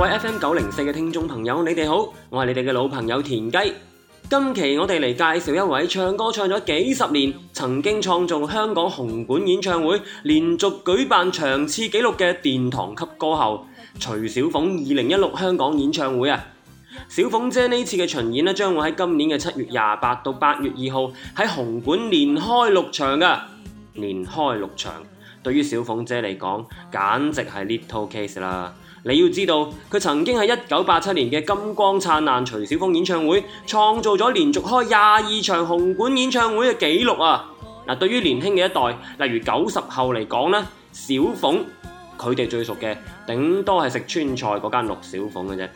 各位 FM 九零四嘅聽眾朋友，你哋好，我係你哋嘅老朋友田雞。今期我哋嚟介紹一位唱歌唱咗幾十年，曾經創造香港紅館演唱會連續舉辦場次紀錄嘅殿堂級歌後徐小鳳。二零一六香港演唱會啊，小鳳姐呢次嘅巡演咧，將會喺今年嘅七月廿八到八月二號喺紅館連開六場㗎，連開六場。對於小鳳姐嚟講，簡直係 little case 啦。你要知道，佢曾經喺一九八七年嘅金光燦爛徐小鳳演唱會創造咗連續開廿二場紅館演唱會嘅紀錄啊！嗱、啊，對於年輕嘅一代，例如九十後嚟講咧，小鳳佢哋最熟嘅，頂多係食川菜嗰間陸小鳳嘅啫。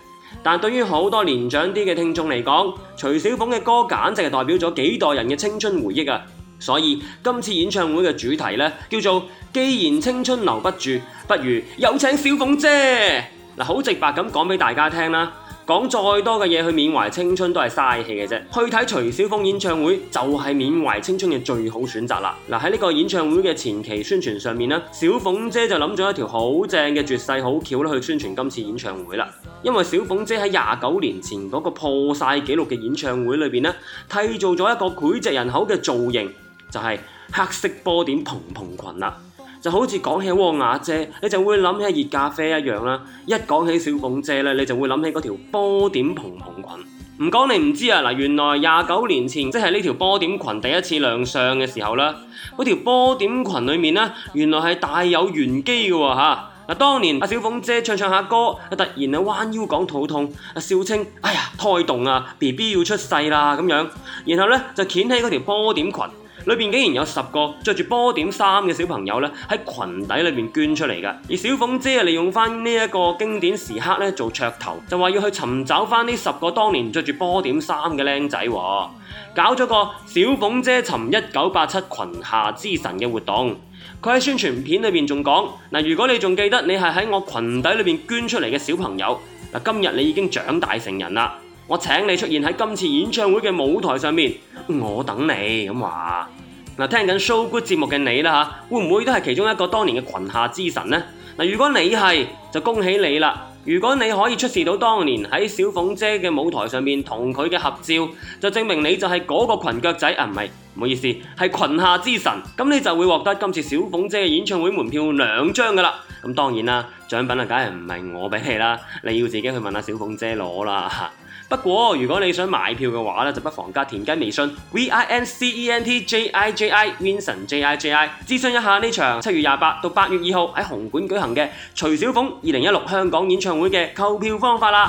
但係對於好多年長啲嘅聽眾嚟講，徐小鳳嘅歌簡直係代表咗幾代人嘅青春回憶啊！所以今次演唱會嘅主題咧，叫做既然青春留不住，不如有請小鳳姐。好、啊、直白咁講俾大家聽啦，講再多嘅嘢去緬懷青春都係嘥氣嘅啫。去睇徐小鳳演唱會就係、是、緬懷青春嘅最好選擇啦。嗱、啊，喺呢個演唱會嘅前期宣傳上面咧，小鳳姐就諗咗一條好正嘅絕世好橋去宣傳今次演唱會啦。因為小鳳姐喺廿九年前嗰個破曬紀錄嘅演唱會裏面呢，替做咗一個膾炙人口嘅造型。就係黑色波點蓬蓬裙啦、啊，就好似講起汪阿姐，你就會諗起熱咖啡一樣啦、啊。一講起小鳳姐咧，你就會諗起嗰條波點蓬蓬裙。唔講你唔知啊，嗱，原來廿九年前即係呢條波點裙第一次亮相嘅時候啦，嗰條波點裙裡面呢，原來係大有玄機嘅嚇。當年阿小鳳姐唱唱下歌，突然啊彎腰講肚痛，笑稱哎呀胎動啊，B B 要出世啦咁樣，然後咧就掀起嗰條波點裙。裏面竟然有十個着住波點衫嘅小朋友咧，喺裙底裏面捐出嚟嘅。而小鳳姐利用翻呢一個經典時刻做噱頭，就話要去尋找翻呢十個當年着住波點衫嘅靚仔，搞咗個「小鳳姐尋一九八七裙下之神」嘅活動。佢喺宣傳片裏面仲講，如果你仲記得你係喺我裙底裏面捐出嚟嘅小朋友，今日你已經長大成人啦。我請你出現喺今次演唱會嘅舞台上面，我等你咁話。嗱，聽緊《So Good》節目嘅你啦吓，會唔會都係其中一個當年嘅裙下之神呢？如果你係，就恭喜你啦。如果你可以出示到當年喺小鳳姐嘅舞台上面同佢嘅合照，就證明你就係嗰個裙腳仔啊，唔係。唔好意思，係群下之神，咁你就會獲得今次小鳳姐嘅演唱會門票兩張噶啦。咁當然啦，獎品啊，梗係唔係我俾你啦，你要自己去問下小鳳姐攞啦。不過如果你想買票嘅話咧，就不妨加田雞微信 v i n c e n t j i j i vincent j i j i 諮詢一下呢場七月廿八到八月二號喺紅館舉行嘅徐小鳳二零一六香港演唱會嘅購票方法啦。